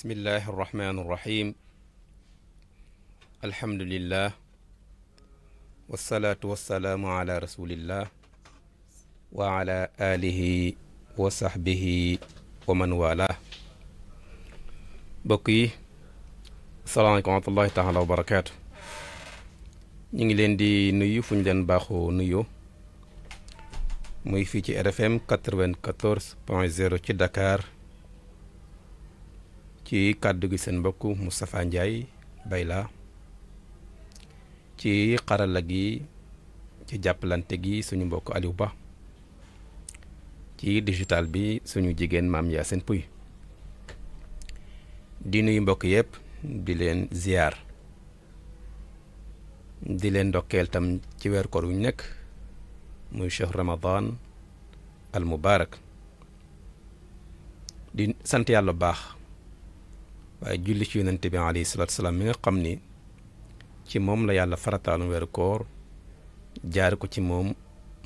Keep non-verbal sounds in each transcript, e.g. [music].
bismillahi arrahmani irrahim alhamdulillah wasalaatu wasalaamu ala rasulillah wa ala alihi wa sahbihi wa man wala bokk yi asalaamaaleykum wa taala wa barakaatu ñu ngi leen di nuyu fu ñu leen baaxoo nuyoo muy fii ci RFM 94 point 0 ci Dakar ci kaddu gi seen mbokk Moustapha Ndiaye Bayla ci xarala gi ci jàppalante gi suñu mbokk Aliou Ba ci digital bi suñu jigéen maam Yacine puy di nuyu mbokk yëpp di leen ziar di leen ndokkeel tam ci weer kor wuñ nekk muy cheikh ramadan al mubarak di sant yàlla baax waaye julli ci yonent bi alayhi salaam mi nga xam ni ci moom la yàlla farataalu weeru koor jaar ko ci moom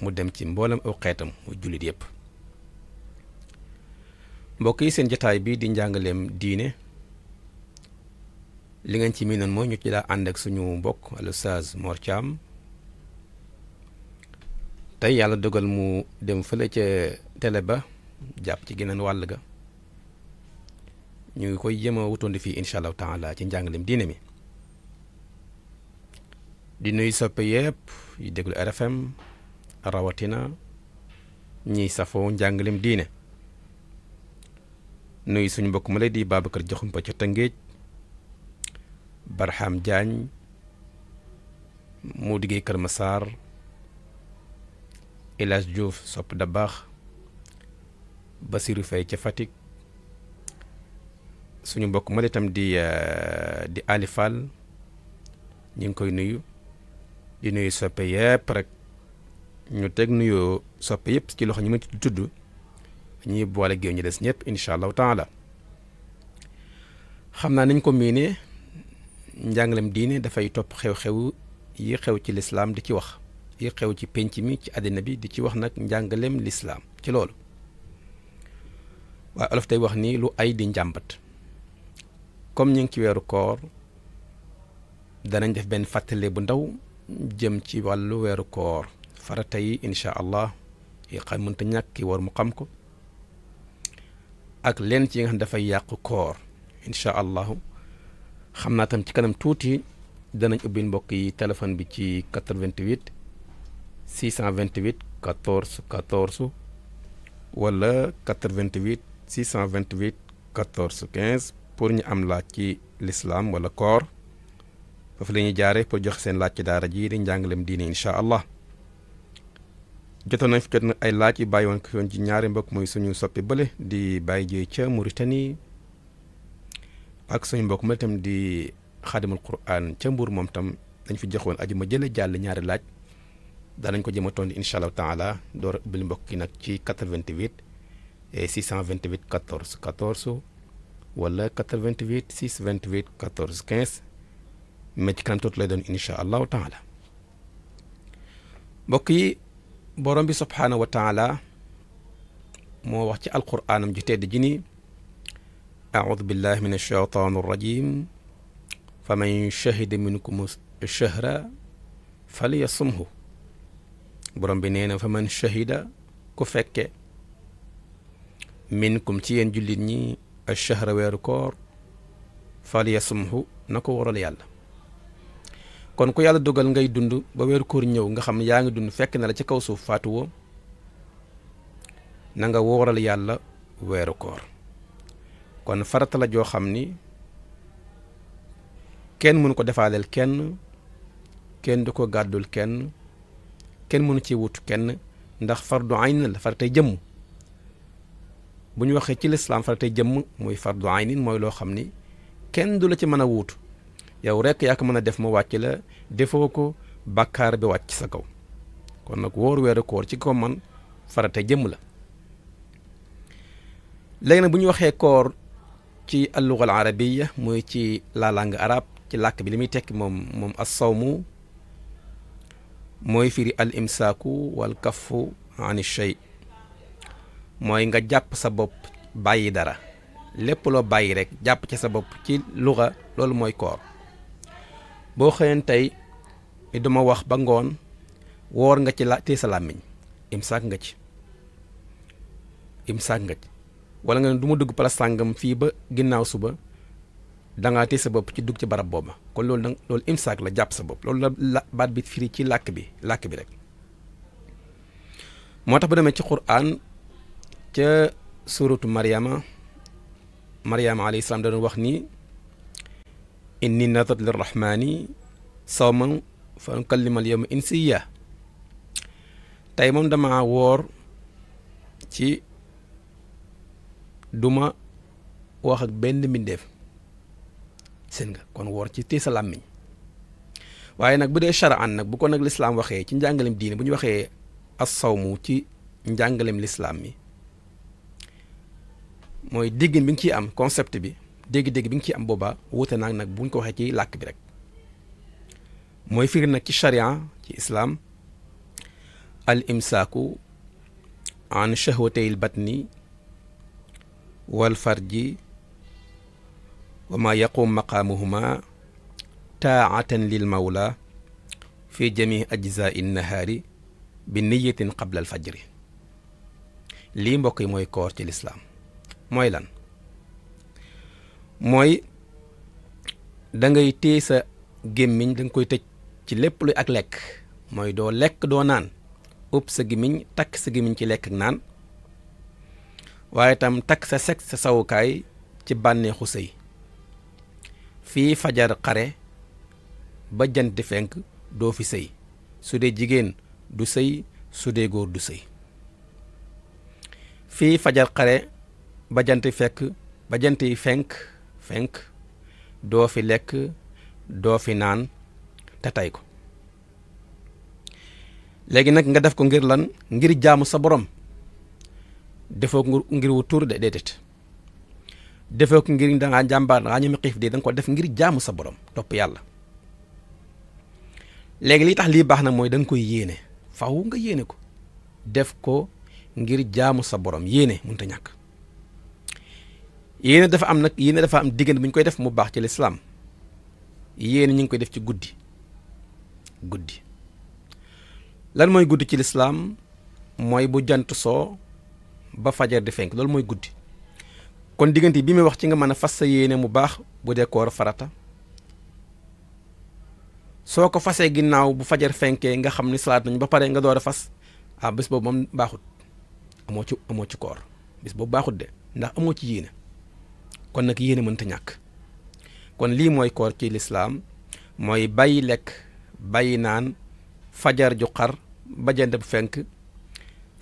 mu dem ci mboolem aw xeetam mu jullit yépp mbokk yi seen jataay bi di njàngaleem diine li ngeen ci miinoon mooy ñu ci daa ànd ak suñu mbokk Oustaz Mor Thiam tey yàlla dogal mu dem fële ca tele ba jàpp ci geneen wàll ga ñu ngi koy jéem a wutondi fii incha allahu taala ci njàngalem diine mi di nuyu soppe yëpp yu déglu RFM rawatina ñiy safoo njàngaleem diine nuyu suñu mbokk ma lay di Babacar Joxumpa ca Tëngéej Barham Diagne moo diggee Kër Massar El Hadj Diouf sopp da baax Basirou ca Fatick suñu mbokk moo itam di euh, di Ali ñu ngi koy nuyu di nuyu soppe yëpp rek ñu teg nuyoo soppe yëpp ci loxo ñu ma tudd ñuy boole géew ñu des ñëpp incha allahu taala xam naa nañ ko miine njàngalem diine dafay topp xew-xew yi xew ci lislaam di ci wax yi xew ci penc mi ci àddina bi di ci wax nag njàngaleem lislaam ci loolu waaye olof tey wax ni lu ay di njàmbat comme ñu ngi ci weeru koor danañ def benn fàttale bu ndaw jëm ci wàllu weeru koor farata yi insha allah yi xam mënta ñàkk war mu xam ko ak leen ci nga xam dafay yàq koor insha allah xam naa tam ci kanam tuuti danañ ubbi mbokk yi téléphone bi ci 88 628 14 14 wala 88 628 14 15 pour ñu am laaj ci lislaam walla koor foofu la ñuy jaare pour jox seen laaj ci daara ji dañ jàngaleem diine incha allah jotoon nañ fi jot na ay laaj yu bàyyi woon ko yoon ci ñaari mbokk mooy suñu soppi bële di bàyyi jëy ca Mauritanie ak suñu mbokk ma tam di xaadimul quran ca Mbuur moom tam dañ fi joxoon aju ma jële jàll ñaari laaj daanañ ko jëm a tondi incha allahu taala door a ubbil mbokk yi nag ci 88 et 628 14 14 ولا 88 6 28 14 15 ما تكرم توت لدن ان شاء الله تعالى بوكي بورومبي سبحانه وتعالى مو القران مجتهد جني اعوذ بالله من الشيطان الرجيم فمن شهد منكم الشهر فليصمه بروم بنينا فمن شهد كفك منكم تين جولي achahra weeru koor fal yasumhu na ko woral yàlla kon ko yàlla dogal ngay dund ba weeru koor ñëw nga xam ne yaa ngi dund fekk na la ci kaw suuf faatuwoo nanga nga wooral yàlla weeru koor kon farata joo xam ni kenn mënu ko defaaleel kenn kenn du ko gàddul kenn kenn mënu ci wut kenn ndax fardu ayn la faratay jëmm buñ ñu waxee ci lislaam faratay jëmm muy fardu aynin mooy loo xam ni kenn du la ci mën a wuutu yow rek yaa ko mën a def mu wàcc la defoo ko bàkkaar bi wàcc sa kaw kon nag woor weeru koor ci ko man faratay jëmm la léegi nag bu ñu waxee koor ci al arabiya muy ci la langue arabe ci làkk bi li muy tekki moom moom assawmu mooy firi al imsaaku wal kaffu an shay mooy nga jàpp sa bopp bàyyi dara lépp loo bàyyi rek jàpp ci sa bopp ci luxa loolu mooy koor boo xëyan tey ni duma wax ba ngoon woor nga ci la tée sa làmmiñ nga ci imsaak nga ci wala nga du ma dugg pala sàngam fii ba ginnaaw suba dangaa tée sa bopp ci dugg ci barab booba kon loolu dang loolu la jàpp sa bopp loolu la baat bi firi ci làkk bi làkk bi rek moo tax bu demee ci quran ca suratu maryama maryama alayhi salam danoon wax ni inni nadat lirrahmani sawman fa al yawma insiya tay mom dama wor ci duma wax ak benn mbindeef sen nga kon wor ci tisa sa làmmiñ waaye nag bu dee sharaan nag bu ko nag lislaam waxee ci njàngalem diine bu ñu as sawmu ci njàngalem lislaam mi moy déggin bi nga ciy am concept bi dégg-dégg bi nga ciy am boobaa wuute naag nag buñ ko waxee ci làkk bi rek mooy firi nag ci charia ci islam al imsaku an shahwatay l batni wal farji wa ma yaquum maqaamuhuma taatan lil mawla fi jamii ajzaa'i nahaari bi niyatin qabla al fajri lii mbokk mooy koor ci lislaam mooy lan mooy da ngay téye sa gémmiñ da koy tëj ci lépp luy ak lekk mooy doo lekk doo naan ëpp sa gémmiñ takk sa gémmiñ ci lekk ak naan waaye tam takk sa sex sa sawukaay ci bànneexu sëy fii fajar xare ba jant fenk doo fi sëy su dee jigéen du sëy su dee góor du sëy fii fajar xare ba jant fekk ba yi fenk fenk doo fi lekk doo fi naan te tey ko léegi nag nga def ko ngir lan ngir jaamu sa borom defoo ko ngir wu tur de déedéet defoo ko ngir da ngaa jàmbaar da ñeme xiif de danga nga ko def ngir jaamu sa borom topp yàlla léegi li tax lii baax na mooy danga koy yéene faw nga yéene ko def ko ngir jaamu sa borom yéene mënut a ñàkk. yéene dafa am nag yéene dafa am diggante bu ñu koy def mu baax ci lislaam yéene ñu ngi koy def ci guddi guddi lan mooy guddi ci lislaam mooy bu jant soo ba fajar di fenk loolu mooy guddi kon diggante bi muy wax ci nga mën a fas sa yéene mu baax bu dee koor farata soo ko fasee ginnaaw bu fajar fenkee nga xam ni salaat nañ ba pare nga door a fas ah bés boobu moom baaxut amoo ci amoo ci koor bés boobu baaxut de ndax amoo ci yéene kon nag yéene mënta ñàkk kon lii mooy koor ci lislaam mooy bàyyi lekk bàyyi naan fajar ju xar ba jant bu fenk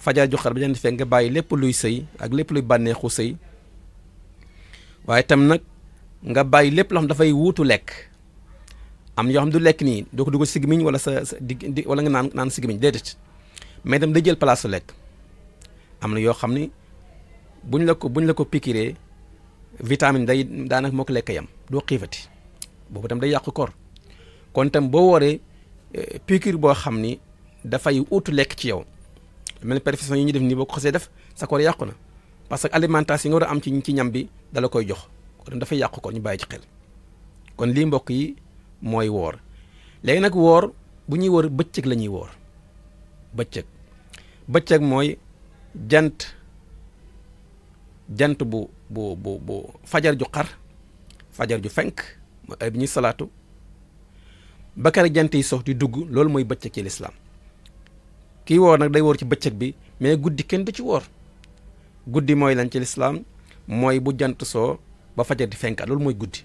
fajar ju xar ba jant fenk bàyyi lépp luy sëy ak lépp luy bànneexu sëy waaye tam nag nga bàyyi lépp loo xam dafay wuutu lekk am yoo du lekk nii doo ko dugg wala sa wala nga naan naan sigmiñ déedéet mais jël place su lekk am na yoo xam ni buñ la ko buñ la ko pikiree vitamine day daanak moo ko lekk yam doo xiifati boobu tam day yàq koor kon tam boo waree eh, piqûre boo xam ni dafay ut lekk ci yow mel perfection yi ñu def nii boo ko xasee def sa koor yàqu na parce que alimentation yi nga war a am ci ci ñam bi dala koy jox kon dafay yàq ko ñu bàyyi ci xel kon lii mbokk yi mooy woor léegi nag woor bu ñuy woor bëccëg la ñuy woor bëccëg bëccëg mooy jant jant bu bu bu bu fajar ju xar fajar ju fenk mooy ay ñuy salaatu bakar jant yi sox di dugg loolu mooy bëccëg ci lislaam kii woor nag day woor ci bëccëg bi mais guddi kenn du ci woor guddi mooy lan ci lislaam mooy bu jant soo ba fajar di fenkaat loolu mooy guddi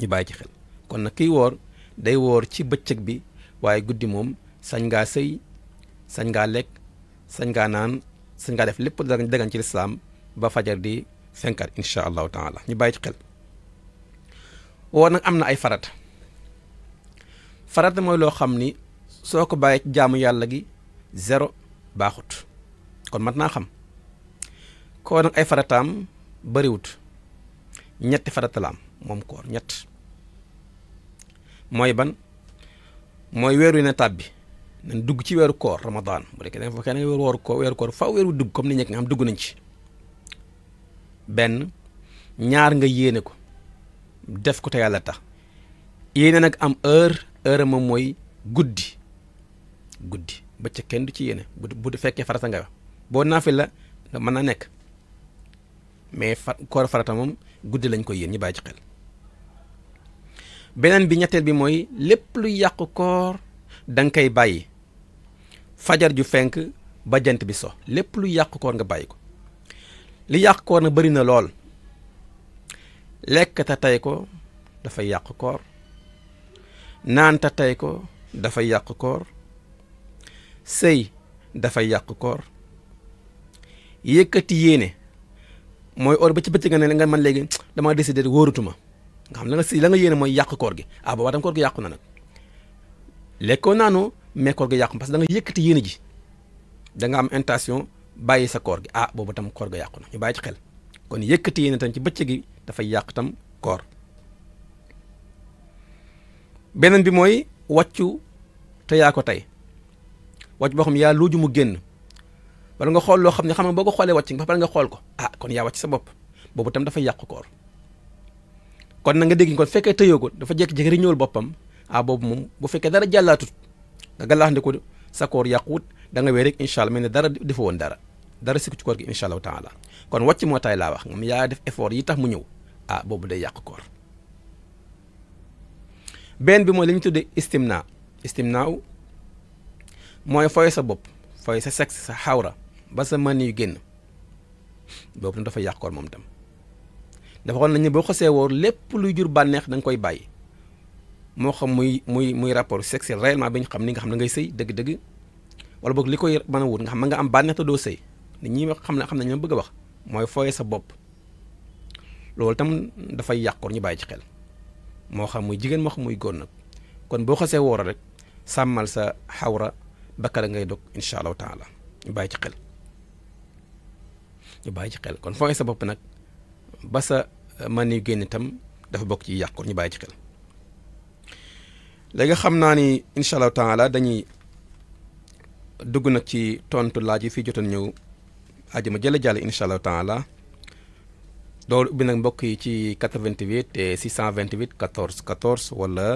ñu bàyyi ci xel kon nag kiy woor day woor ci bëccëg bi waaye guddi moom sañ ngaa sëy sañ ngaa lekk sañ ngaa naan sañ ngaa def lépp dagan ci lislaam ba fajar di cinquante incha allahu taala ñu bàyyi ci xel woo nag am na ay farata farata mooy loo xam ni soo ko bàyyee ci jaamu yàlla gi zéro baaxut kon mat naa xam koo nag ay farataam bariwut ñetti faratalaam moom koor ñett mooy ban mooy weeru ne tàbbi nañ dugg ci weeru koor ramadaan bu dee da nga fa kenn weeru koor weeru koor fa weeru dugg comme ni ñekk nga xam dugg nañ ci benn ñaar nga yéene ko def ko te yàlla tax yéene nag am heure heure moom mooy guddi guddi ba kenn du ci yéene bu bu fekkee farata nga boo naafi la mën naa nekk mais fa koor farata moom guddi lañ ko yéen ñu bàyyi ci xel beneen bi ñetteel bi mooy lépp lu yàqu koor da nga koy bàyyi fajar ju fenk ba jant bi so lépp lu yàqu koor nga bàyyi ko li yàq koor na bëri na lool lekk tey ko dafay yàq koor naanta tey ko dafay yàq koor sëy dafay yàq koor yëkkati yéene mooy or ba ci bëccëg nga ne nga man léegi [tsk] damaa décider wóoratuma nga xam la nga si la nga yéene mooy yàq koor gi ah boobaa tam koor gi yàqu na nag lekkoo naanoo mais koor gi yàqu parce que da nga yëkkati yéene ji da nga am intention bàyyi sa koor gi ah boobu tam koor ga yàqu na ñu bàyyi ci xel kon yëkkati yéene tam ci bëccëg gi dafay yàq tam koor beneen bi mooy wàccu te ko tey wàcc boo xam yaa luuju mu génn wala nga xool loo xam ne xam nga boo ko xoolee wàcci nga pare nga xool ko ah kon yaa wàcc sa bopp boobu tam dafay yàq koor kon na nga dégg kon fekkee tëyoo ko dafa jékki-jékki ñëwul boppam ah boobu moom bu fekkee dara jàllaatut nga gàllaax ndiku sa koor yàquwut da nga wéy rek ne dara defu woon dara dara sikku ci koor gi inshallah taala kon wacc mo tay la wax ngam ya def effort yi tax mu ñew ah bobu day yak koor ben bi mooy liñ tuddé istimna istimna istimnaaw mooy fooy sa bop foy sa sex sa hawra ba sa man yu genn boobu dafa yak koor mom tam dafa xoon nañu bo xasee wor lepp luy jur banex dang koy bayyi mo xam muy muy muy rapport sexuel réellement bi xam ni nga xam da ngay sey deug deug wala bok li koy wut nga xam nga am banex do sey nit ñi xam ne xam nañ la bëgg a wax mooy fooye sa bopp loolu tam dafay yàqoor ñu bàyyi ci xel moo xam muy jigéen moo xam muy góor nag kon boo xasee woor rek sàmmal sa xawra bakkala ngay dog incha allahu taala ñu bàyyi ci xel ñu bàyyi ci xel kon fooye sa bopp nag ba sa man yu génn itam dafa bokk ci yàqoor ñu bàyyi ci xel léegi xam naa ni incha allahu taala dañuy dugg nag ci tontu laaj yi fii jotoon ñëw ajuma jële jàll incha allahu taala door ubbi nag mbokk yi ci 88 628 14 14 wala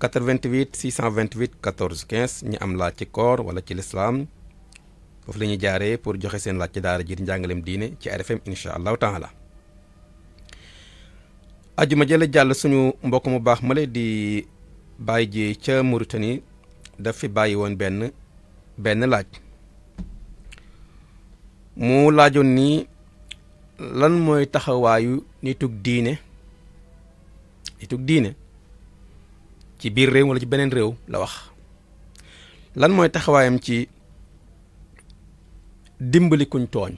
88 628 14 15 ñi am laaj ci koor wala ci lislaam foofu la ñuy jaaree pour joxe seen laaj ci daara jiir njàngaleem diine ci RFM incha allahu taala ajuma jële jàll suñu mbokk mu baax male di bàyyi ji ca Mauritanie daf fi bàyyi woon benn benn laaj mu laajoon nii lan mooy taxawaayu nitug diine nitug diine ci biir réew wala ci beneen réew la wax lan mooy taxawaayam ci dimbali kuñ tooñ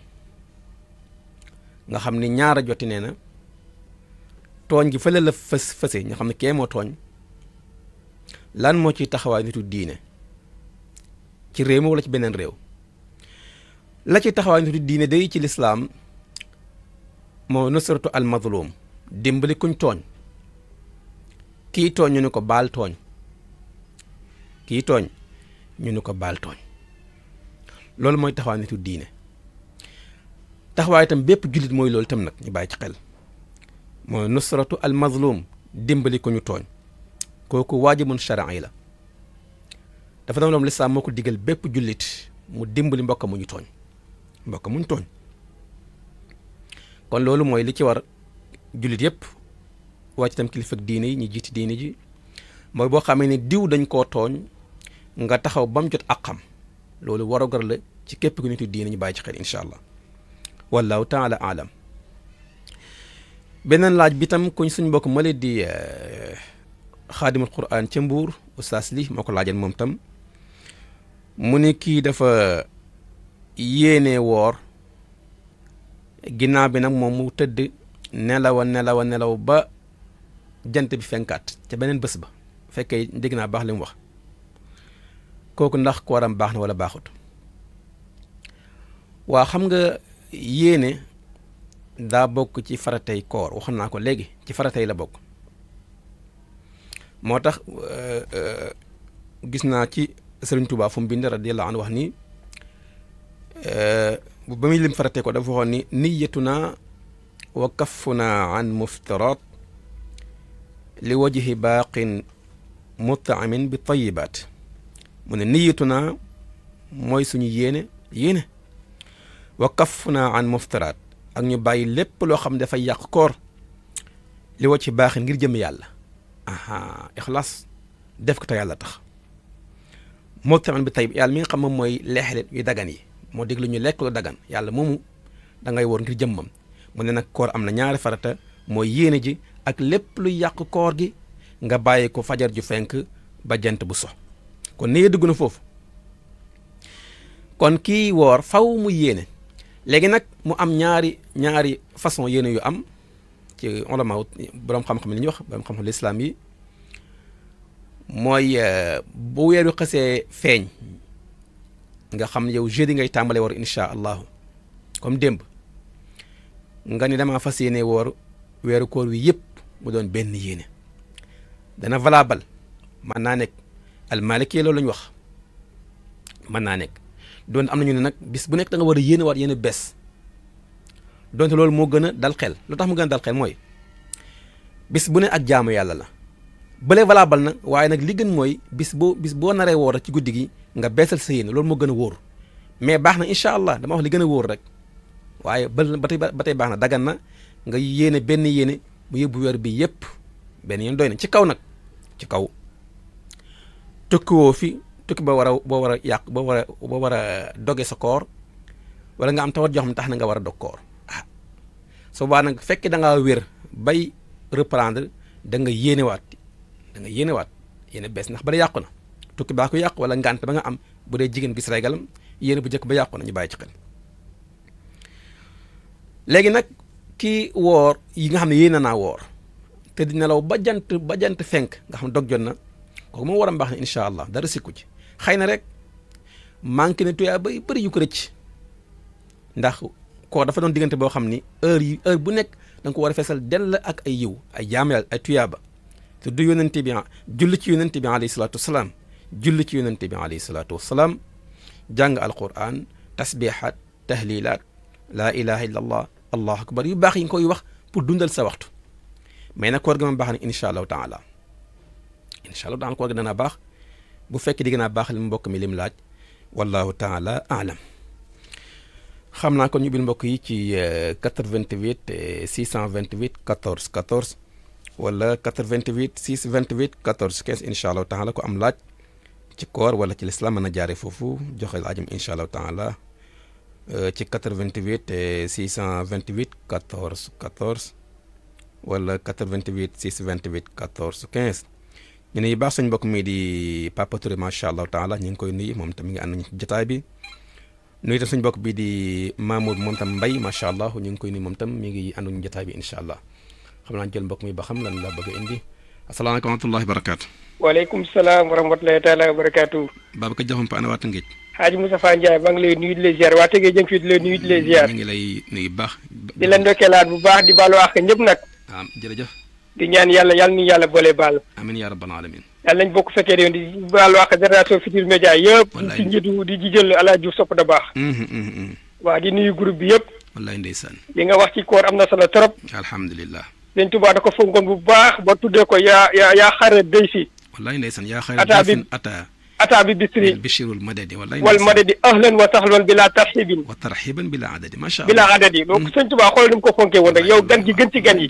nga xam ni ñaara joti nee na tooñ gi fële la fës fëse nga xam ne kee moo tooñ lan moo ciy taxawaay nitu diine ci réew mi wala ci beneen réew la ci taxawaay nitu diine day ci lislaam moo nusratu al dimbali kuñ tooñ kii tooñ ñu ni ko baal tooñ kii tooñ ñu ni ko baal loolu mooy taxawaay nitu diine taxawaay itam bépp jullit mooy loolu itam nag ñu bàyyi ci xel mooy nusratu al mazlum dimbali ku ñu tooñ kooku waajibun yi la dafa doon loom lislaam moo ko digal bépp jullit mu dimbali mbokk mu ñu tooñ mbokk muñ tooñ kon loolu mooy li ci war jullit yëpp wàcc tam kilifa diine yi ñu jiiti diine ji mooy boo xamee ne diw dañ koo tooñ nga taxaw bam jot ak xam loolu warugar la ci képp ku nitu diine ñu bàyyi ci xel incha allah wallahu taala alam beneen laaj bi tam kuñ suñ mbokk male di xaadimul quran ca mbuur oustaz li moo ko laajal moom tam mu ne kii dafa yéenee woor ginnaaw bi nag moom mu tëdd nelawa nelawa nelaw ba jant bi fenkaat ca beneen bés ba fekkee dégg naa baax li wax kooku ndax kooram baax na wala baaxut waa xam nga yéene daa bokk ci faratay koor waxoon naa ko léegi ci faratay la bokk moo tax euh, euh, gis naa ci Sëriñ Tuubaa fu mu bind radiyallaahu anhu wax nii بمي لم فرت يقول أبوه نيتنا وكفنا عن مفترات لوجه باق مطعم بالطيبات من نيتنا موي سوني يينه يينه وكفنا عن مفترات اك ني باي ليب لو خام دا فا ياك كور لي وجه باخ غير جيم يالا اها اخلاص ديف كو تا يالا تخ مطعم بالطيب يال مي خام موي لخلت وي داغاني moo déglu ñu lekk lu dagan yàlla moomu da ngay woor ngir jëmmam mu ne nag koor am na ñaari farata mooy yéene ji ak lépp luy yàq koor gi nga bàyyi ko fajar ju fenk ba jant bu so kon nee dugg na foofu kon kii woor faw mu yéene léegi nag mu am ñaari ñaari façon yéene yu am ci ulama boroom xam-xam li ñuy wax boroom xam-xam lislaam yi mooy eh, bu weer yu xasee feeñ nga xam ne yow jeudi ngay tàmbale woor incha allahu comme démb nga ni damaa fas yéene wor weeru koor wi yëpp mu doon benn yéene dana valable man naa nekk almalikiya loolu la wax mën naa nekk doon am nañu ne nag bis bu nekk da nga war a yéene waat yéen bés donte loolu moo gën a dal xel lu tax mu gën a dal xel mooy bis bu ne ak jaamu yàlla la bële valable na waaye nag li gën mooy bis boo bis boo naree woor ci guddi gi. nga beesal sa yéene loolu moo gën a wóor mais baax na incha allah dama wax li gën a wóor rek waaye ba tey ba tey baax na dagan na nga yéene benn yéene mu yóbbu weer bi yëpp benn yéen doy na ci kaw nag ci kaw tukkiwoo fi tukki ba war a boo war a yàq ba war a ba war a doge sa koor wala nga am tawat joo tax na nga war a dog koor ah su boobaa nag fekkee da ngaa wér bay reprendre da nga yéenewaat danga nga yéenewaat yéene bees ndax bala yàqu na. tukki baa ko yàq wala ngànt ba nga am bu dee jigéen gis regalam yéen bu njëkk ba yàqu nañu bàyyi ci xel léegi nag ki woor yi nga xam ne yéen naa woor te di ba jant ba jant fenk nga xam dog jot na kooku moom war a incha allah dara sikku ci xëy na rek manqué ne tuyaa bay bëri yu ko rëcc ndax koor dafa doon diggante boo xam ni heure yi heure bu nekk da nga ko war a feesal dell ak ay yiw ay jaam ay tuyaaba te du yónente bi julli ci bi alayhi salatu wasalaam julli ci yonente bi alayhi salatu wassalam jàng alquran tasbihat tahlilat la ilaha illa allah allahu akbar yu bax yi nga koy wax pour dundal sa waxtu may na koor gam bax ni na incha taala incha allahu taala koor gi dana baax bu fekk di gën a baax li mbokk mi lim laaj wallahu taala alam xam naa kon ñu bil mbokk yi ci 88 628 14 14 wala 88 628 14 15 incha allahu taala ko am laaj ci koor wala ci lislaam mën a jaare foofu joxe laajam incha allahu taala euh, ci vingt cent 88 628 14 14 wala 88 628 14 15 ñu ne yu baax suñ mbokk mii di Papa Touré macha allahu taala ñu ngi koy nuyu moom tam mi ngi ànd ñu ci bi nuyu tam suñ mbokk bii di Mamour moom tam Mbaye macha allah ñu ngi koy nuyu moom tam mi ngi ànd nañu jotaay bi incha allah xam naa jël mbokk mi ba xam lan la bëgg a indi. asalaamaaleykum wa rahmatulahi barakaatu. waaleykum salaam wa rahmatulahi taala wa barakaatu. Babacar Diakhoumpa ana waa Tëngéej. Hadj Moustapha Ndiaye maa ngi lay nuyu di la ziar waa Tëngéej jëm fii di la nuyu di la mm, ziar. ñu ngi lay nuyu bu baax. di la ndokkeelaat bu baax di baalu àq ñëpp nag. waaw jërëjëf. di ñaan yàlla yàlla nañu yàlla boole baal. amiin yaa rabbal bokk fekkee yoon di baalu àq génération Futurs Médias yëpp. wallaay di ci njiitu di jijël Alaaji Diouf sopp da baax. Mm, mm, waa di nuyu groupe bi yëpp. wallaay ndeysaan. li nga wax ci koor am na solo trop. alhamdulilah. Sëñ Tuubaa da ko fonkoon bu baax ba tuddee ko ya ya yaa xare day si. wallaay ndeysaan yaa xare day si ataa ataa bi bisri bishirul madadi wal madadi ahlan wa sahlan bila tarxibin wa tarxiban bila adadi macha allah bila adadi donc sëñ Tuubaa xoolal ni mu ko fonkee woon rek yow gan gi gën ci gan yi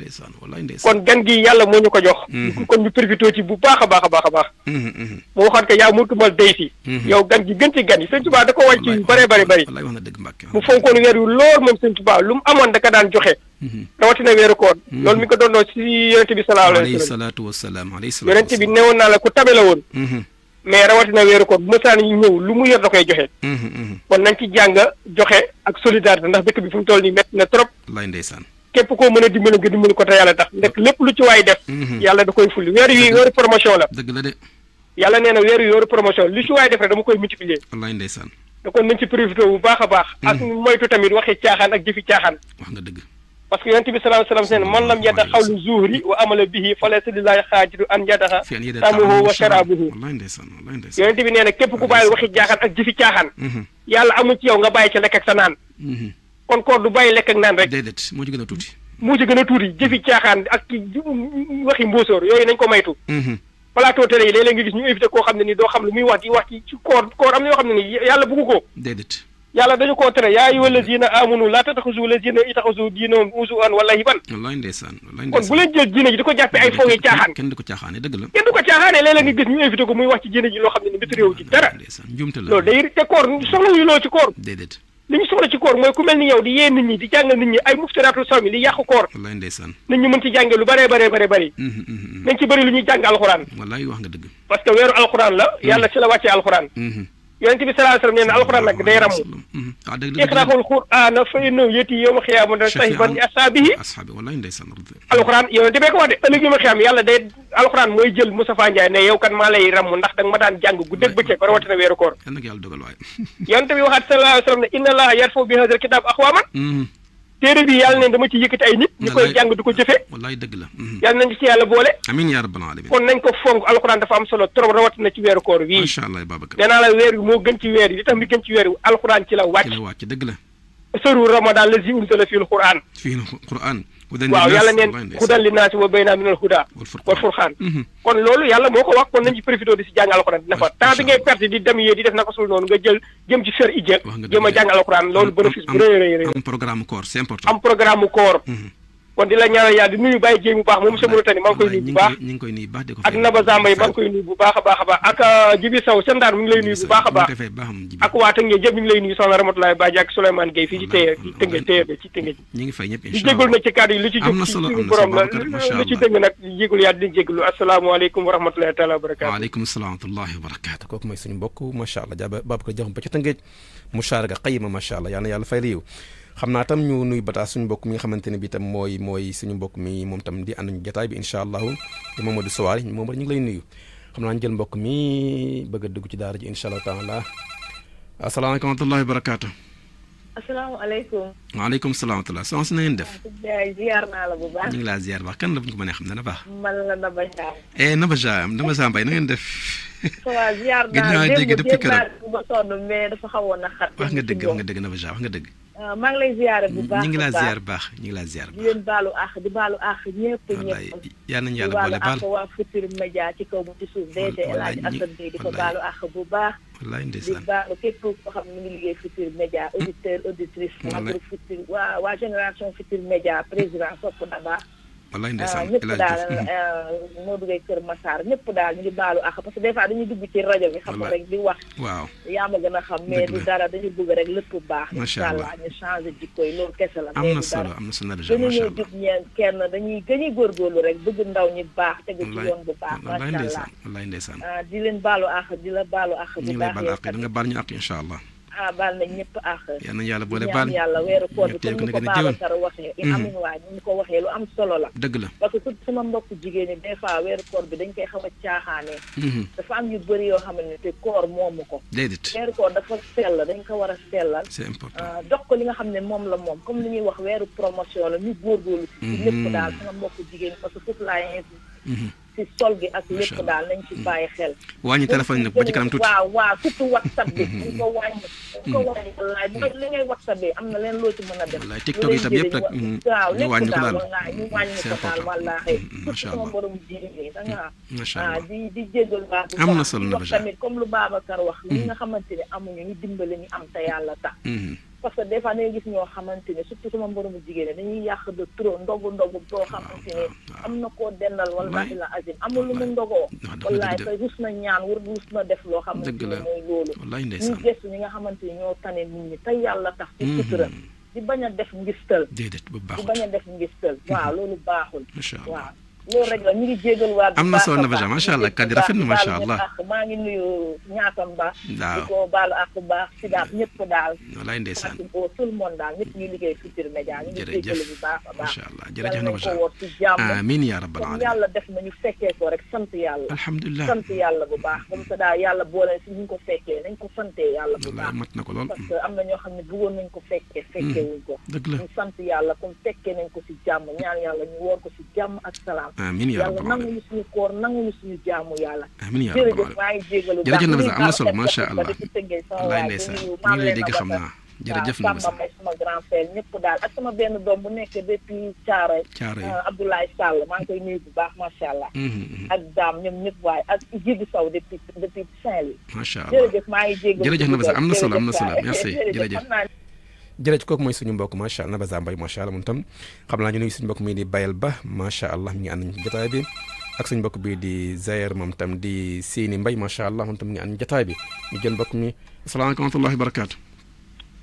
kon gan gi yàlla moo ñu ko jox kon ñu profité ci bu baax a baax a baax a baax moo waxaat ko yaa mutumal day si yow gan gi gën ci gan yi sëñ Tuubaa da ko wàcc yu bëree bëri bëri mu fonkoon weer yu loor moom sëñ Tuubaa lu mu amoon da ka daan joxe rawatina weeru koor loolu mi ko doon si yonente bi sallallahu alayhi wa sallam yonente bi newoon naa la ku tabe la woon mais rawatina weeru ko bu mësaan yi ñëw lu mu yor da koy joxe. Mhm, mhm. kon nañ ci jàng joxe ak solidarité ndax dëkk bi fu mu toll nii métti na trop. lay képp koo mën a dimbali nga dimbali ko te yàlla tax ndek lépp lu ci waay def. Mhm. yàlla da koy fulli weer yi weeru promotion la. dëgg la de. yàlla nee na weer yi weeru promotion lu ci waay def rek dama koy multiplier. lay ndeysaan. da kon nañ ci profité bu baax a baax. ak moytu tamit waxi caaxaan ak jëfi caaxaan. wax nga dëgg. parce que yonent bi sallallahu alayhi wa sallam seen man lam yada xawlu zuhri wa amala bihi fa laysa lillahi xaajatu an yadaxa wa sharabuhu yonent bi nee na ku bàyyil waxi jaaxaan ak jëfi caaxaan mhm. yàlla amul ci yow nga bàyyi ci lekk ak mhm. kon koor du bàyyi lekk naan rek déedéet moo ci gën a tuuti moo ci a tuuti jëfi caaxaan ak waxi mbóosóor yooyu nañ ko maytu mhm. plateau télé yi léeg-léeg nga gis ñu invité koo xam ne doo xam lu muy wax di koor am na yoo xam ne ni yàlla yàlla dañu koo tere yaa ayyuha lazina amanu laa tattaxizu lazina ittaxazu diinahum huzuwan wa la'iban wallaay ndeysaan kon bu leen jël ji di ko jàppee ay fooge caaxaan kenn du ko caaxaane dëgg la kenn du ko caaxaane léeg-léeg nga gis ñu invité ko muy wax ci diine ji loo xam ne ni mbitu réew ji dara loolu day te koor soxlawuñu loo ci koor déedéet li ñu soxla ci koor mooy ku mel ni yow di yee nit ñi di jàngal nit ñi ay muftiraatu saw li yàqu koor wallaay ndeysaan nit ñi mm-hmm, mm-hmm. que weeru alxuraan la mm-hmm. yàlla ci la yonent bi sallallahu alayhi wa sallam nee na alxuraan nag day ramu. waaw dëgg la iqra'ul qur'aana fa innahu ya'tii yawmal qiyaamati shahiidan li ashaabihi. alxuraan yonent bee ko wax de. ëllëg yawmal qiyaam yàlla day alxuraan mooy jël Moustapha Ndiaye ne yow kan maa lay ramu ndax danga ma daan jàng guddeeg bëccëg rawatina weeru koor. yonent bi waxaat sallallahu alayhi wa sallam ne inna Allaha yarfa'u bi haazal kitaabi aqwaaman mm-hmm. téere bi yàlla ne dama ci yëkkati ay nit. ñu koy jàng di ko jëfee. dëgg la. Mhm. yàlla nañ ci yàlla boole. amiin yaa rabbal kon nañ ko fonk alxuraan dafa am solo trop rawatina ci weeru koor wii. macha la weer wi moo gën ci weer yi li tax mi gën ci weer wi alxuraan ci la wàcc. ci la wàcc dëgg la. sëru Ramadan la si unzila fiil Qur'an. fiil Qur'an. waaw yàlla neen xudan li naasi wa bay naa minal huda wal furxaan mhm. kon loolu yàlla moo ko wax kon nañ ci profité di si jàng alxuraan nafa temps bi ngay perte di dem yee di def naka sul noonu nga jël jëm ci fer ijjël jëm a jàng alxuraan loolu bénéfice bu rëy rëy rëy am programme koor am programme koor mhm. kon di la ñaanal yàlla di nuyu Baye Dieye bu baax moom monsieur Mauritanie maa ngi koy nuyu bu baax ñu ngi koy nuyu baax di ko ak Naba Zamba yi maa ngi koy nuyu bu baax a baax a baax ak euh, Jibi Sow seen daan mi ngi lay nuyu bu baax a baax ak waa Tëngéej yëpp mi ngi lay nuyu soxna Ramatoulaye Badji ak Souleymane Gueye fii ci téye ci Tëngéej téye ci Tëngéej ñu ngi fay ñëpp di jégalu nag ci kàddu yi lu ci jóg ci suñu borom la lu ci dëng nag jégalu yàlla di jégalu asalaamaaleykum wa rahmatulahi taala wa barakaatu waaleykum salaam wa barakaatu kooku mooy suñu mbokk macha allah jaba Babacar Diakhoum ba ci Tëngéej musaaraga qayima macha allah yàlla na yàlla fay la yiw xam naa tam ñu nuy bataas suñu mbokk mi nga xamante ne bi tam mooy mooy suñu mbokk mi moom tam di ànduñu jotaay bi incha allahu di Mamadou Souare moom ñu ngi lay nuyu xam naa ñu jël mbokk mi bëgg a dugg ci daara ji incha allahu taala asalaamaaleykum wa rahmatullahi wa barakaatu. asalaamaaleykum. waaleykum salaam wa rahmatulah soxna si na ngeen def. ziar naa la bu baax. la bu ñu ko mënee xam dana baax. man la Naba Dia. eh Naba Dia Naba def. waaw ziar [laughs] naa nga dëgg wax nga dëgg Naba Dia wax nga dëgg. Euh, maa ngi lay ziar bu baax ñu ngi la ziar baax ñu ngi laa ziar baax di leen baalu àq di baalu àq ñëpp ñëpp yal nañu yàlla boole baal di baalu waa Futurs Médias ci kaw bu ci suuf dee te El Hadj di ko baalu àq bu baax wallaay ndeysaan di baalu képp koo xam ne ngi liggéey Futurs média hmm. auditeur auditrice waa Futurs waa waa génération Futurs média président Sopp Daba wallaay ah, ndeysaan ñëpp daal mhm. ah, moo duggee Kër Massar ñëpp daal ñu ngi parce que des fois dañuy dugg ci rajo bi. xam nga rek di wax. waaw yaa ma gën a xam. mais du dara dañu bëgg rek lépp baax. macha allah ñu changé jikko yi loolu kese la. am na solo am na solo macha allah dañuy jub ñeen kenn dañuy gën a góorgóorlu rek bëgg ndaw ñi baax. tegu ci yoon bu baax macha allah wallaay ndeysaan wallaay ndeysaan. Ah, di leen baalu àq di la baalu àq. bu baax ñu ngi lay baal àq da nga baal ñu àq incha allah ah baal nañ ñëpp àq. yal nañu yàlla boole baal yàlla weeru koor bi comme ni ko Babacar waxee. amuñu waa ñu ko waxee lu am solo la. dëgg la parce que sama mbokku jigéen ñi des fois weeru koor bi dañ koy xaw a caaxaanee. Mm-hmm. dafa am yu bëri yoo xam ne te koor moomu ko. déedéet weeru koor dafa sell dañ ko war a sellal. c'est important dox ah, ko li nga xam ne moom la moom comme ni ñuy wax weeru promotion la ñu góorgóorlu. lépp mm-hmm. daal sama mbokku jigéen ñi parce que foofu laay ci sol bi ak lépp daal nañ ci mm. bàyyi xel. wàññi téléphone nag ba ci kanam tuuti waaw waaw surtout whatsapp bi. bu mm-hmm. ko wàññi. bu ko mm. wàññi wallaay li ngay whatsapp bi am na leen loo ci mën a def. wallaay tiktok yi tam yëpp nag mm, ñu wàññi ko daal waaw ñu wàññi ko daal wallaahi. macha allah surtout sama borom jigéen ñi da ngaa. Mm-hmm. macha allah ah, di di jégal baax. am na solo na wax tamit comme lu Babacar wax. li nga mm-hmm. xamante ne amuñu ñu dimbali ñu am te yàlla tax. parce que des fois gis ñoo xamante ne surtout sama mboromu jigéen ñi dañuy yàq de trop ndogu ndogu boo xamante am na koo dendal wallaahi la azim amul lu mu ndogoo wallaahi te rus na ñaan war rus na def loo xamante ne mooy loolu ñu gëstu ñi nga xamante ne ñoo tane nit ñi te yàlla tax ci hmm. sutura di bañ a def ngistal di bañ a def ngistal waaw loolu baaxul waaw loolu rek la ñu ngi jégalu waat. am na solo Nafisa macha allah kaddi rafet maa ngi nuyu ñaatam ba. waaw di ko baalu ak bu baax si daal ñëpp daal. walaay ndeysaan tout le monde daal ñëpp ñuy liggéey Futurs Médias. jërëjëf macha allah jërëjëf Nafisa ñu ngi ko woon si jàmm. amiin yaa rabbal aalamiin yàlla def na ñu fekkee ko rek sant yàlla. alhamdulilah sant yàlla bu baax. comme ça daal yàlla boole ñu ko fekkee nañ ko santee yàlla bu baax. mat na ko lool parce am na ñoo xam ne bëggoon nañ ko fekkee. fekkee mm. wuñ ko. dëgg la ñu sant yàlla comme fekkee nañ ko si jàmm ñaan yàlla ñu woor ko si jàmm ak salaam amiin yaa rabbal aalamiin yàlla nanguñu suñu koor nanguñu suñu jaamu yàlla. amiin yaa rabbal aalamiin jërëjëf na am na solo macha allah walaay ndeysaan ñu ngi lay dégg daal ak sama benn doom bu nekk depuis Thiaroye. Thiaroye euh, Abdoulaye Sall maa ngi koy nuyu bu baax macha allah. ak daam ñoom ñëpp waaye ak Jibi Sow depuis depuis maa ngi jéggi. jërëjëf na sax am na solo am na solo merci jërëjëf. jërëjëf kooku mooy suñu mbokk macha allah Nabassa Mbaye macha allah moom tam xam naa ñu nuyu suñu mbokk mi di bayal ba macha allah mi ngi ànd nañu jotaay bi ak suñu mbokk bi di Zayer moom tam di Sini Mbaye macha allah moom tam mi ngi ànd jotaay bi ñu jël mbokk mi. asalaamaaleykum wa rahmatullahi wa barakaatu.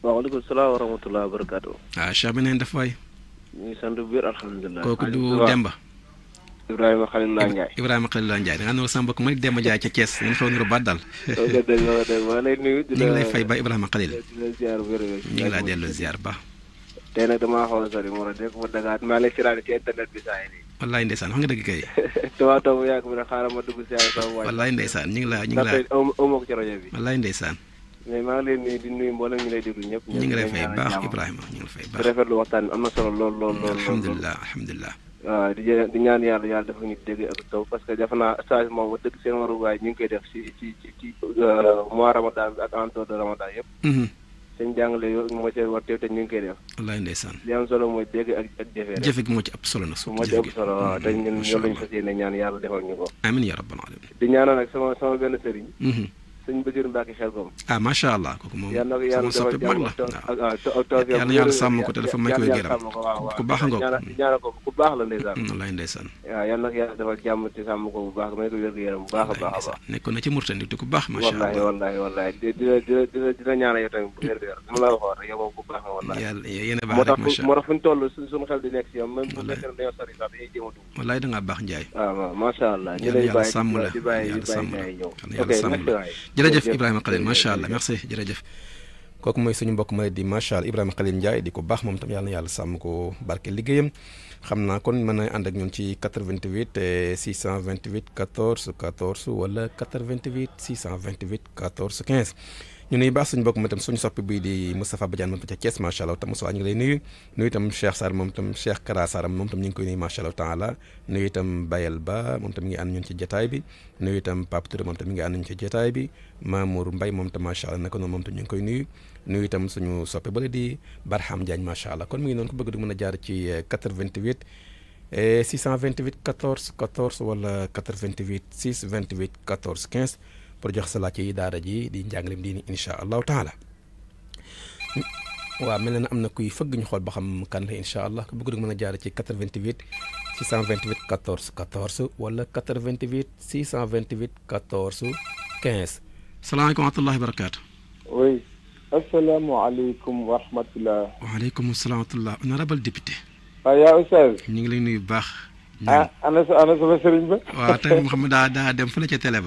waaleykum salaam wa rahmatullahi wa barakaatu. ah Cheikh bi neen def waay. ñu ngi sant bu wér alhamdulilah. kooku du Demba. Ibrahima Khalilou Ndiaye Ibrahima Khalilou Ndiaye da ngaa nuyoo sama mbokk Malick Demba a ñu ngi lay fay ba Ibrahima Khalilou. ñu ngi la delloo ziar ba. tey a ma dagaat maa lay siraale ci internet bi saa yi nii. wallaay ndeysaan wax nga dëgg kay. [laughs] damaa toog bu yàgg bi nag xaaral ma dugg si ay ñu ngi laa ñu ngi laa ndaxte ci rajo bi. wallaay ndeysaan. mais maa ngi la nuyu di nuyu mboolem ñu lay déglu ñëpp. ñu ngi lay fay baax Ibrahima ñu ngi lay fay baax. alhamdulilah alhamdulilah waaw di ñaan yàlla yàlla dafa ñu dégg ak taw parce que defe naa stage moom wax dëgg seen waruwaay ñu koy def ci ci euh, ak en dehors de ramadan yëpp. Mm-hmm. seen jàngale yooyu moo ci war te ñu koy def. wallaay ndeysaan. li solo mooy dégg ak jafe rek. jafe gi moo ci ëpp solo nag. moo ci ëpp solo waaw te ñun ñoo lañu fas yéene ñaan yàlla defal ñu ko. amiin yaa rabbal alamin di ñaanal nag sama sama benn sëriñ. Mm-hmm. sëñ Basiru mbaki xel ko ah ma sha allah kooku moom sama soppe bu mag la ah. Ah, yàlla na yàlla sàmm ko te dafa may ko gëram ku bax nga ñaanal ko ku bax la ndeysaan mm, wallaay ndeysaan waaw yàlla nag yàlla dafa jamm ci sam ko bu bax may ko wér gu bu bax bax baax a na ci murtandi ku bax ma sha allah wallahi wallaay dina dina dina dina ñaanal yow tamit bu wér gu dama la wax rek yow ku bax wallahi yalla yene ba rek ma sha allah mo tax tollu suñu xel di nekk ci yow même bu na yow sori sax dañuy jéematu wallahi da ngaa baax njaay ah, ma sha allah ñu lay bay ci bay ci bay sàmm jërëjëf Ibrahima Khalil macha allah merci jërëjëf. kooku mooy suñu mbokk ma di macha allah Ibrahima Khalil Ndiaye di ko baax moom tam yàlla na yàlla sàmm ko barke liggéeyam xam naa kon mën na ànd ak ñun ci 88 628 14 14 wala 88 628 14 15. ñu nuyu baax suñu bokk moom itam suñu soppi bii di Moustapha Badiane moom itam allah tam Moustapha ñu ngi lay nuyu nuyu itam Cheikh Sarr moom itam Cheikh Kara Sarr moom itam ñu ngi koy nuyu macha allah taala nuyu itam Ba moom itam mi ngi ànd ñun ci bi nuyu itam Pape Touré moom itam mi ngi ànd ñun moom itam macha allah naka moom itam ñu ngi koy nuyu nuyu suñu soppi bële di Barham Diagne macha allah kon mi ngi noonu ko bëgg di mën a jaar ci 88 628 14 14 wala 88 628 14 15 pour jox sa laajte yi daara ji di njàngaleem diini incha allahu taala waaw mel na am na kuy fëgg ñu xool ba xam kan la incha allah ku bëgg rek mën a jaar ci 88 628 14 14 wala 88 628 14 15. salaamaaleykum wa rahmatulah barakaatu. oui. asalaamaaleykum wa rahmatulah. waaleykum salaam wa rahmatulah honorable député. waaw ah, yaa Oustaz. ngi lay nuyu bu baax. ah ana sa ca télé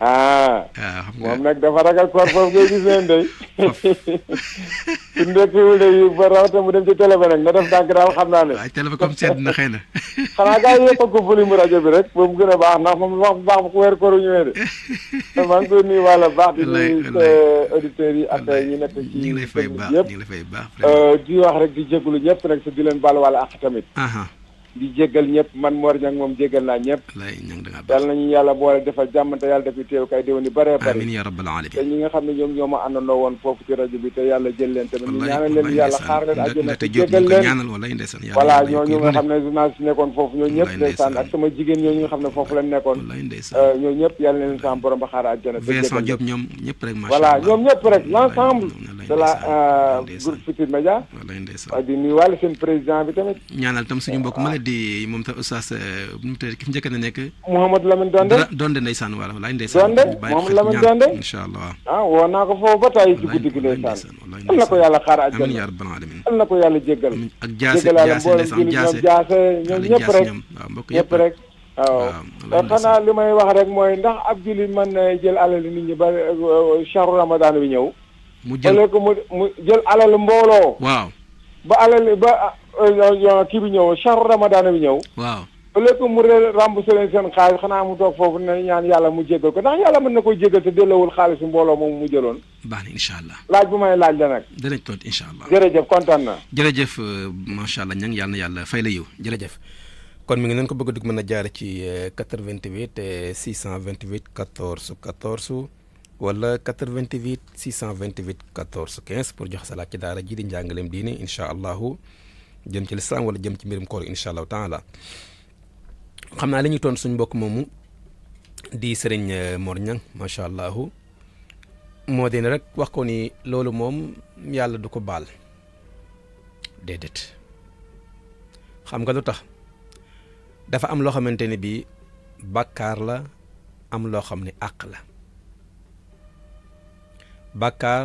ah. waaw ah, xam nga moom nag dafa ragal koor foofu ngay gis leen de. [laughs] su ndekkiwul de ba rawatina mu dem ci télé ba nag na def dànk daal xam naa ne. waaw télé ba comme sedd na xëy na. [laughs] xanaa gars yi ko a ko volume rajo bi rek boobu gën a baax ndax moom wax bu baax bu ko weer koor ñëwee de. te [laughs] maa ngi koy nuyu wàlla baax. di nuyu euh, auditeurs yi ak ñi nekk ci. ñu ngi lay fay baax ñu fay baax. Euh, di wax rek di jégalu ñëpp nag di leen baal wàll ak tamit. di jéggal ñëpp man Mor Niang moom jéggal naa ñëpp yàlla nañu yàlla boole defal jàmm te yàlla dafi yi bëree bëri amiin yaa ñaanal tam suñu mbokk di moom ta oustaz euh, mu te ki fi njëkk na nekk. Mouhamadou Lamine Donde. Donde ndeysaan wala walaay ndeysaan. Donde Mouhamadou Lamine Donde incha allah. ah woo naa ko foofu ba taay ci guddi gi ndeysaan. am na ko yàlla xaar àjjana amiin yaa rabbal aalamiin. am na ko jaase jaase rek waaw mbokk yëpp rek. waaw xanaa li may wax rek mooy ndax ab jullit mën na jël alal nit ñi ba euh, shahru ramadan bi ñëw. mu jël mu jël alal mbooloo. waaw ba alal ba kii bi ñëw charu ramadaan bi ñëw. waaw ba lépp mu re remboursé leen seen xaalis xanaa mu toog foofu ne ñaan yàlla mu jéggal ko ndax yàlla mën na koy jéggal te delloowul xaalisu mbooloo moom mu jëloon. baax na incha allah laaj bu may laaj la nag. danañ toog incha allah. jërëjëf kontaan na. jërëjëf euh, macha allah ña ngi yàlla na yàlla fay la yow jërëjëf. kon mu ngi leen ko bëgg a mën a jaare ci 88 628 14 14 wala 88 628 14 15 pour jox sa laaj ci daara ji di njàngaleem diine incha allahu jëm ci lislam wala jëm ci mbirum koor incha allahu taala xam naa li ñu tontu suñ mbokk moomu di sëriñ euh, Mor ñang macha allahu moo di ne rek wax ko ni loolu moom yàlla du ko baal déedéet xam nga lu tax dafa am loo xamante ni bii bàkkaar la am loo xam ne àq la bàkkaar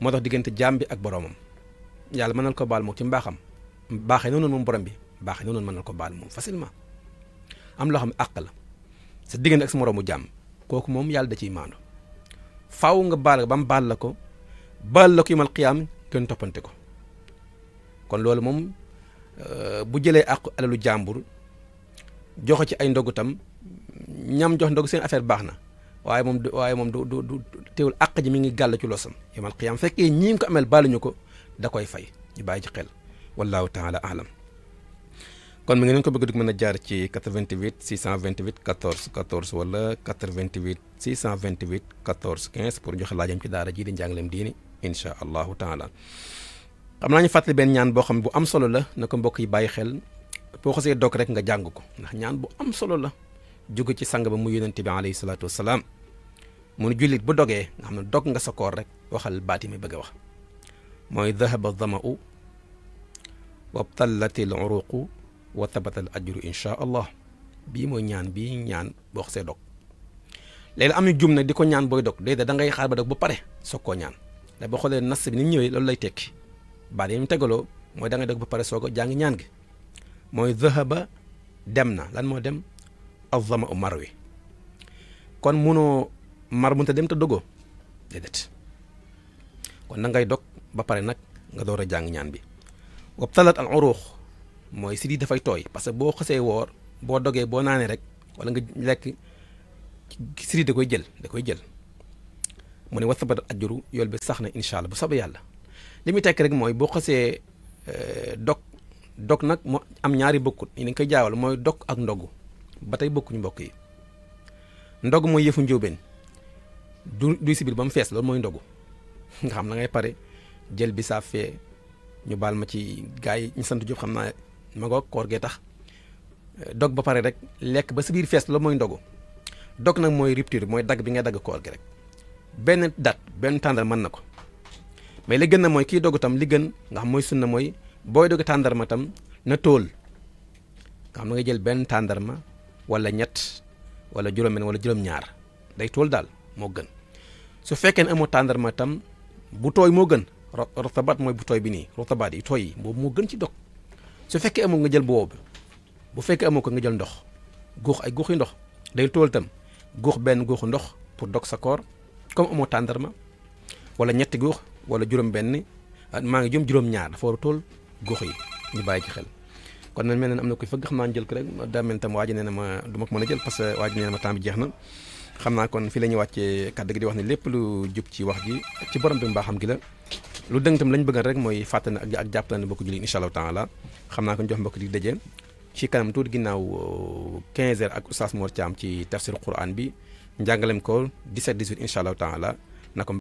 moo tax diggante jàmbi ak boromam yàlla mënal ko baal moom ci mbaaxam baaxee noonu moom borom bi baaxee noonu mënal ko baal moom facilement am loo xam ne àq la sa diggante ak sa moromu jàmm kooku moom yàlla da ciy maandu faaw nga baal ba mu baal la ko baal la ko yimal xiyaam gën toppante ko kon loolu moom bu jëlee àq alalu jàmbur joxe ci ay ndogu tam ñam jox ndogu seen affaire baax na waaye moom du waaye moom du du du teewul àq ji mi ngi gàll ci losam yimal xiyaam fekkee ñi ko amel baaluñu ko. da koy fay ñu bàyyi ci xel wallaahu taala alam kon mi ngi leen ko bëgg dugg mën a jaar ci 88 628 14 14 wala 88 628 14 15 pour joxe laajam ci daara jii di njàngaleem diini incha allahu taala xam naa ñu fàttali benn ñaan boo xam bu am solo la na ko mbokk yi bàyyi xel boo xasee dog rek nga jàng ko ndax ñaan bu am solo la jóge ci sang ba mu yonente bi alayhi salaatu wasalaam mu nu jullit bu dogee nga xam ne dog nga sa koor rek waxal baati mi bëgg a wax موي ذهب الظما وابتلت العروق وثبت الاجر ان شاء الله بي موي نيان بي نيان بوخ سي دوك لي امي جوم نك ديكو نيان بوي دوك دي دا داغي خار با دوك بو باري سوكو نيان لا بو خولي نيوي لول لاي بعد يم تغلو موي داغي دوك بو سوكو جانغ نيان غي موي دمنا لان مو دم الظما مروي كون مونو مار مونتا دم ديدت كون داغي دوك ba pare nag nga door a jàng ñaan bi wabtalat al uruux mooy si di dafay tooy parce que boo xësee woor boo dogee boo naanee rek wala nga lekk si di da koy jël da koy jël mu ne wa sabat ajuru yool bi sax na incha allah bu soobee yàlla li muy tekk rek mooy boo xësee eh, dog dog nag moo am ñaari bokkut yi dañ koy jaawal mooy dog ak ndogu ba tey bokkuñu mbokk yi ndog mooy yëfu njóobeen du duy sibir ba mu fees loolu mooy ndogu [laughs] nga xam na ngay pare jël bisaab fee ñu baal ma ci gars yi ñu sant Diop xam naa ma ngoog koor gee tax dog ba pare rek lekk ba sa biir fees la mooy ndogu dog nag mooy rupture mooy dagg bi ngay dagg koor gi rek benn date benn tàndar mën na ko mais li gën na mooy kii dogu tam li gën nga xam mooy na mooy booy dogu tàndarma tam na tóol nga xam na nga jël benn tàndarma wala ñett wala juróom-benn wala juróom-ñaar day tóol daal moo gën su fekkee ne amoo tàndarma tam bu tooy moo gën Rotabat moy bu toy bi ni rotabat yi toy yi mo gën ci dog su fekke amu nga jël bu fekke amu ko nga jël ndox gox ay goxi ndox day tool tam gox ben gox ndox pour sakor sa koor comme amu tandarma wala ñett gox wala juróom benn ah, ma ngi jëm juróom ñaar dafa war a tool góox yi ñu bay ci xel kon nag mel na am na koy fëgg xam ma jël ko rek da mel tam waji neena ma duma ko mëna jël parce que waji neena ma tam bi kon fi lañu wacce kaddu gi di wax ni lepp lu jup ci wax gi ci borom bi mbaxam gi la lu dëng tam lañ bëgg rek mooy fàttali ak ak jàppale bokk julli incha allahu taala xam naa ko jox mbokk di daje ci kanam tuuti ginnaaw 15 euh, heures ak oustaz Mor Thiam ci tafsir Quran bi njàngaleem ko 17 18 incha allahu taala na ko